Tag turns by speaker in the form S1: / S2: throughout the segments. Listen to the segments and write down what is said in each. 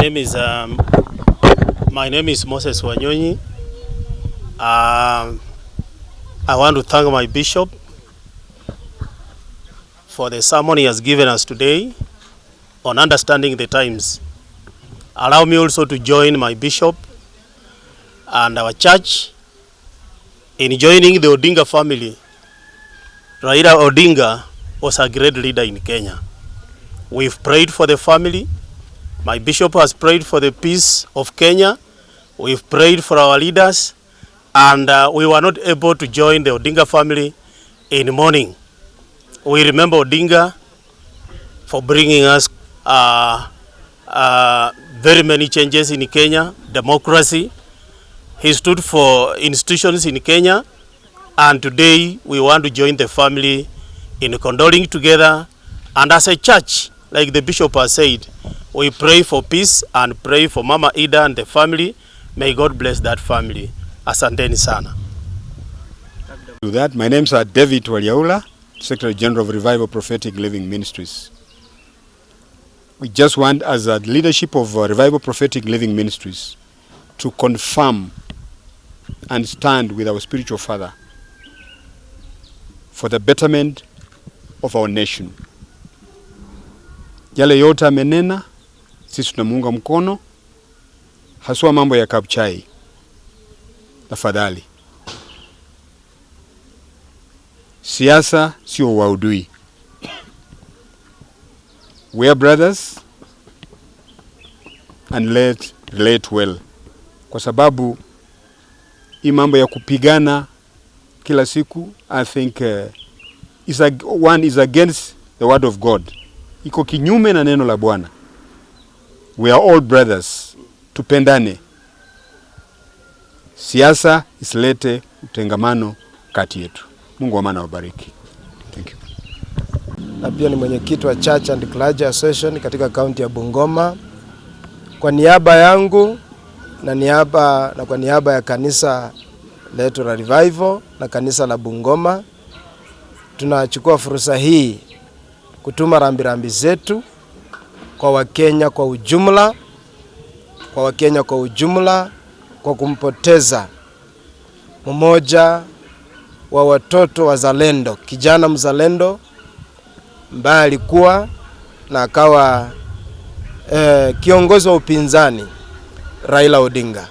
S1: name is, um, my name is Moses Wanyonyi. Uh, I want to thank my bishop for the sermon he has given us today on understanding the times. Allow me also to join my bishop and our church in joining the Odinga family. Raila Odinga was a great leader in Kenya. We've prayed for the family My bishop has prayed for the peace of Kenya. We've prayed for our leaders and uh, we were not able to join the Odinga family in mourning. We remember Odinga for bringing us uh, uh, very many changes in Kenya, democracy. He stood for institutions in Kenya and today we want to join the family in condoling together and as a church, like the bishop has said, We pray for peace and pray for Mama Ida and the family. May God bless that family. Asanteni sana.
S2: To that, my name is uh, David Waliaula, Secretary General of Revival Prophetic Living Ministries. We just want as a uh, leadership of uh, Revival Prophetic Living Ministries to confirm and stand with our spiritual father for the betterment of our nation. Yale yote amenena sisi tunamuunga mkono haswa mambo ya Kabuchai. Tafadhali, siasa sio waudui, we are brothers and let relate well, kwa sababu hii mambo ya kupigana kila siku I think uh, is a, one is against the word of God, iko kinyume na neno la Bwana we are all brothers, tupendane. Siasa isilete utengamano kati yetu. Mungu wa maana wabariki. Thank you.
S3: Na pia ni mwenyekiti wa Church and Clergy Association katika kaunti ya Bungoma. Kwa niaba yangu na, niaba, na kwa niaba ya kanisa letu la Revival na kanisa la Bungoma tunachukua fursa hii kutuma rambirambi rambi zetu kwa Wakenya kwa ujumla, kwa Wakenya kwa ujumla kwa kumpoteza mmoja wa watoto wazalendo, kijana mzalendo ambaye alikuwa na akawa eh, kiongozi wa upinzani Raila Odinga.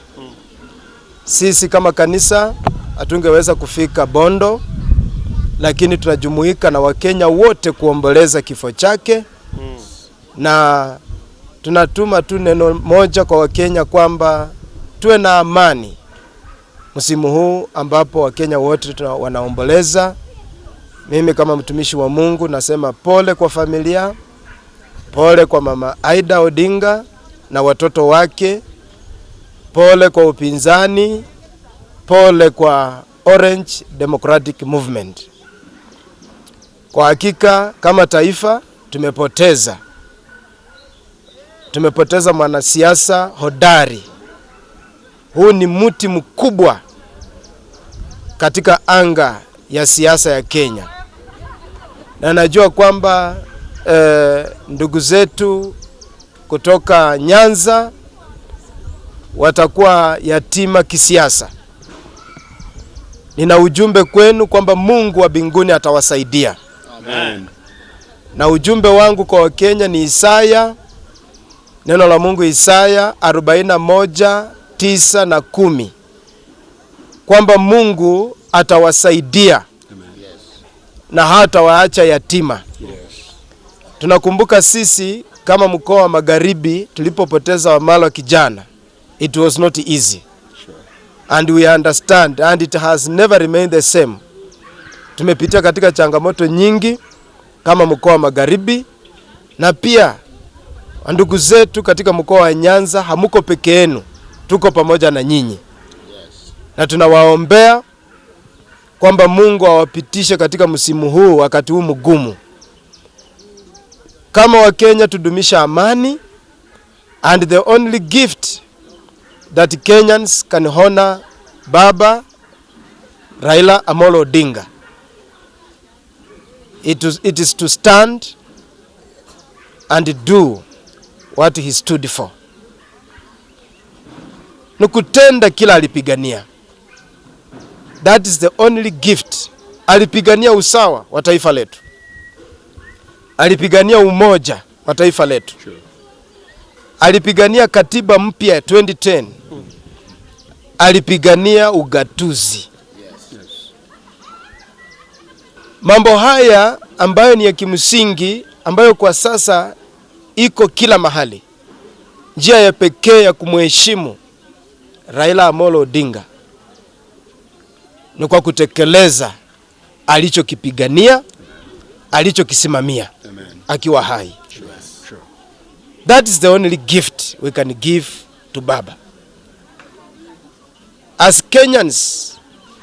S3: Sisi kama kanisa hatungeweza kufika Bondo, lakini tunajumuika na Wakenya wote kuomboleza kifo chake na tunatuma tu neno moja kwa Wakenya kwamba tuwe na amani msimu huu ambapo Wakenya wote wanaomboleza. Mimi kama mtumishi wa Mungu nasema pole kwa familia, pole kwa mama Aida Odinga na watoto wake, pole kwa upinzani, pole kwa Orange Democratic Movement. Kwa hakika kama taifa tumepoteza Tumepoteza mwanasiasa hodari. Huu ni mti mkubwa katika anga ya siasa ya Kenya, na najua kwamba eh, ndugu zetu kutoka Nyanza watakuwa yatima kisiasa. Nina ujumbe kwenu kwamba Mungu wa mbinguni atawasaidia. Amen. Na ujumbe wangu kwa Wakenya ni Isaya Neno la Mungu Isaya 419 na kumi kwamba Mungu atawasaidia na hatawaacha yatima Tunakumbuka sisi kama mkoa wa Magharibi tulipopoteza Wamalwa kijana, it was not easy and we understand and it has never remained the same. Tumepitia katika changamoto nyingi kama mkoa wa Magharibi na pia Ndugu zetu katika mkoa wa Nyanza, hamuko peke yenu, tuko pamoja na nyinyi na tunawaombea kwamba Mungu awapitishe katika msimu huu, wakati huu mgumu. Kama Wakenya tudumisha amani, and the only gift that Kenyans can honor Baba Raila Amolo Odinga it is, it is to stand and do what he stood for, ni kutenda kila alipigania. That is the only gift. Alipigania usawa wa taifa letu, alipigania umoja wa taifa letu, alipigania katiba mpya 2010 alipigania ugatuzi. Mambo haya ambayo ni ya kimsingi, ambayo kwa sasa iko kila mahali. Njia ya pekee ya kumheshimu Raila Amolo Odinga ni kwa kutekeleza alichokipigania, alichokisimamia akiwa hai. That is the only gift we can give to Baba. As Kenyans,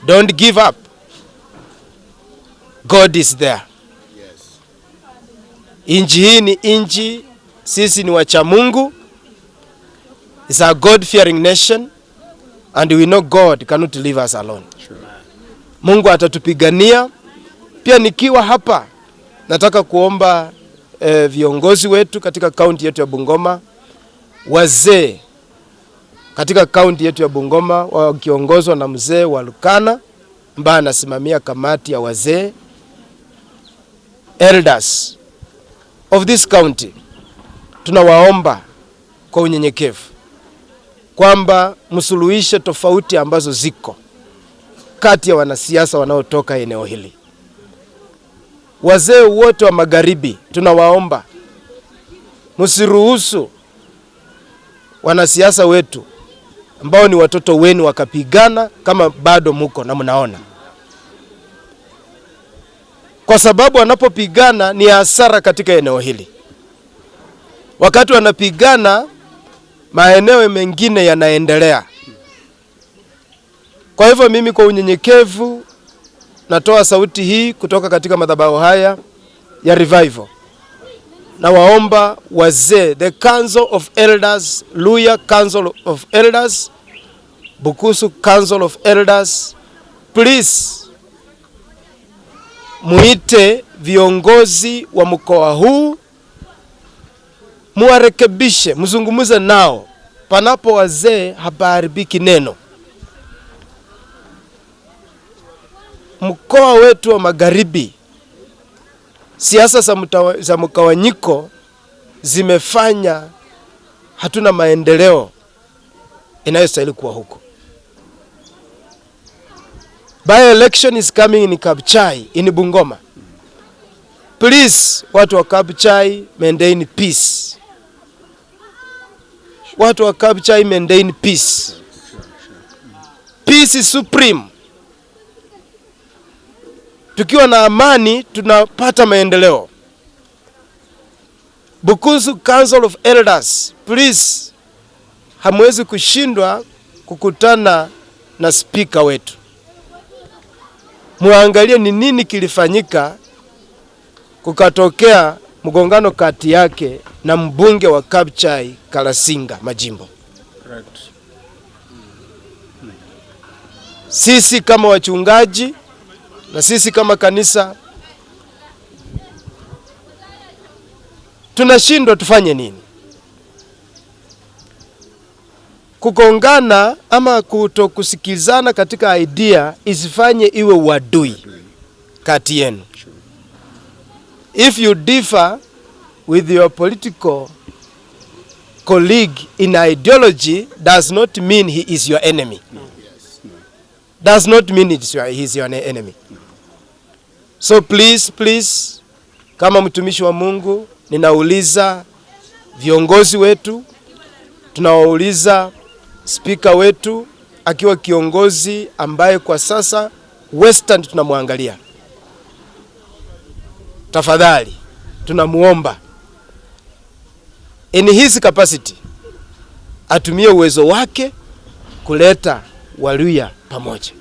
S3: don't give up. God is there. Inji hii ni inji sisi ni wacha mungu is a God fearing nation and we know God cannot leave us alone. Mungu atatupigania. Pia nikiwa hapa nataka kuomba eh, viongozi wetu katika kaunti yetu ya Bungoma, wazee katika kaunti yetu ya Bungoma wakiongozwa na mzee wa Lukana ambaye anasimamia kamati ya wazee elders of this county tunawaomba kwa unyenyekevu kwamba msuluhishe tofauti ambazo ziko kati ya wanasiasa wanaotoka eneo hili. Wazee wote wa magharibi, tunawaomba msiruhusu wanasiasa wetu ambao ni watoto wenu wakapigana kama bado muko na mnaona, kwa sababu wanapopigana ni hasara katika eneo hili. Wakati wanapigana maeneo mengine yanaendelea. Kwa hivyo mimi kwa unyenyekevu natoa sauti hii kutoka katika madhabahu haya ya Revival. Na waomba wazee, the Council of Elders, Luya Council of Elders, Bukusu Council of Elders, please muite viongozi wa mkoa huu muwarekebishe, mzungumuze nao. Panapo wazee hapaharibiki neno. Mkoa wetu wa Magharibi, siasa za, za mkawanyiko zimefanya hatuna maendeleo inayostahili kuwa huko. By election is coming in Kabuchai in Bungoma. Please, watu wa Kabuchai maintain peace watu wa Kabuchai maintain peace. Peace is supreme. Tukiwa na amani tunapata maendeleo. Bukusu Council of Elders, please, hamwezi kushindwa kukutana na spika wetu, muangalie ni nini kilifanyika kukatokea mgongano kati yake na mbunge wa Kapchai Kalasinga Majimbo. Correct. Sisi kama wachungaji na sisi kama kanisa tunashindwa tufanye nini? Kukongana ama kutokusikizana katika idea isifanye iwe uadui kati yenu. If you differ with your political colleague in ideology does not mean he is your enemy. Does not mean it's your, he is your enemy. So please, please, kama mtumishi wa Mungu ninauliza viongozi wetu, tunawauliza spika wetu akiwa kiongozi ambaye kwa sasa Western tunamwangalia tafadhali tunamuomba in his capacity atumie uwezo wake kuleta Waluya pamoja,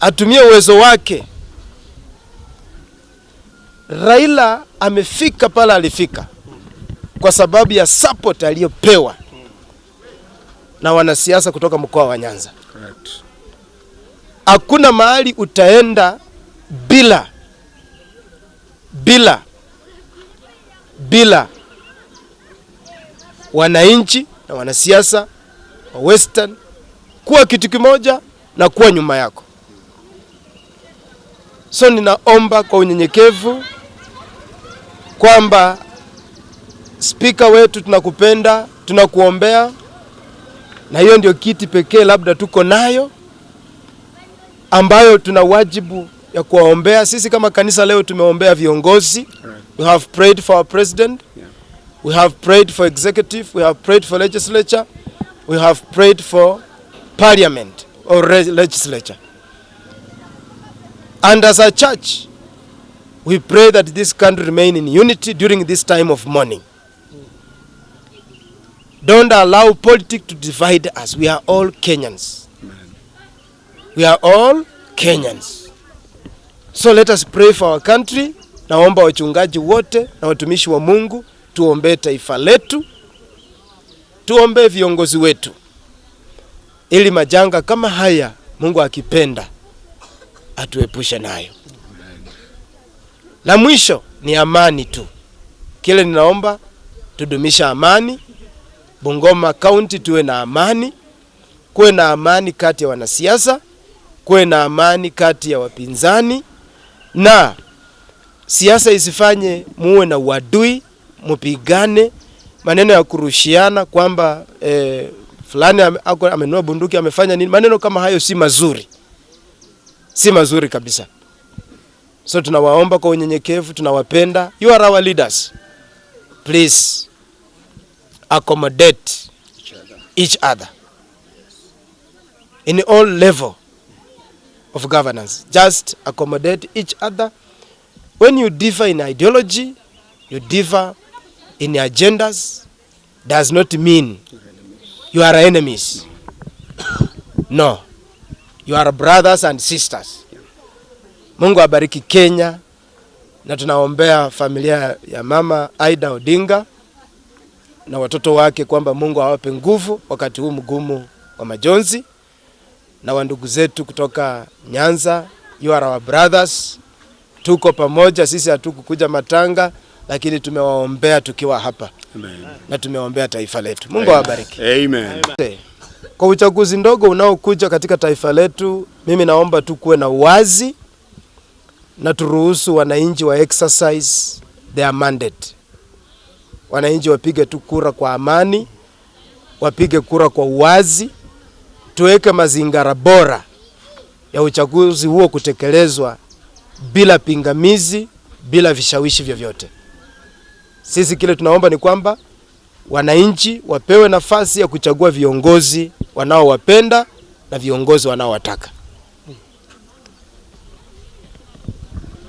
S3: atumie uwezo wake. Raila amefika pala alifika kwa sababu ya support aliyopewa na wanasiasa kutoka mkoa wa Nyanza. Hakuna mahali utaenda bila bila bila wananchi na wanasiasa wa Western kuwa kitu kimoja na kuwa nyuma yako. So ninaomba kwa unyenyekevu kwamba spika wetu, tunakupenda, tunakuombea, na hiyo ndio kiti pekee labda tuko nayo ambayo tuna wajibu ya kuwaombea. Sisi kama kanisa leo tumeombea viongozi. We have prayed for our president. We have prayed for executive. We have prayed for legislature. We have prayed for parliament or legislature. And as a church, we pray that this country remain in unity during this time of mourning. Don't allow politics to divide us. We are all Kenyans. We are all Kenyans. So let us pray for our country. Naomba wachungaji wote na watumishi wa Mungu tuombee taifa letu, tuombee viongozi wetu, ili majanga kama haya Mungu akipenda atuepushe nayo. La mwisho ni amani tu, kile ninaomba tudumisha amani Bungoma County, tuwe na amani, kuwe na amani kati ya wanasiasa, kuwe na amani kati ya wapinzani na siasa isifanye muwe na uadui, mpigane. Maneno ya kurushiana kwamba e, fulani amenua bunduki amefanya nini, maneno kama hayo si mazuri, si mazuri kabisa. So tunawaomba kwa unyenyekevu, tunawapenda. You are our leaders, please accommodate each other in all level of governance. Just accommodate each other. When you differ in ideology, you differ in agendas, does not mean you are enemies. No. You are brothers and sisters. Mungu abariki Kenya na tunaombea familia ya mama Aida Odinga na watoto wake kwamba Mungu awape nguvu wakati huu mgumu wa majonzi na wandugu zetu kutoka Nyanza, you are our brothers. Tuko pamoja sisi, hatukukuja matanga, lakini tumewaombea tukiwa hapa Amen. na tumewaombea taifa letu. Mungu awabariki Amen. Kwa uchaguzi ndogo unaokuja katika taifa letu, mimi naomba tu kuwe na uwazi na turuhusu wananchi wa exercise their mandate. Wananchi wapige tu kura kwa amani, wapige kura kwa uwazi tuweke mazingira bora ya uchaguzi huo kutekelezwa bila pingamizi, bila vishawishi vyovyote. Sisi kile tunaomba ni kwamba wananchi wapewe nafasi ya kuchagua viongozi wanaowapenda na viongozi wanaowataka.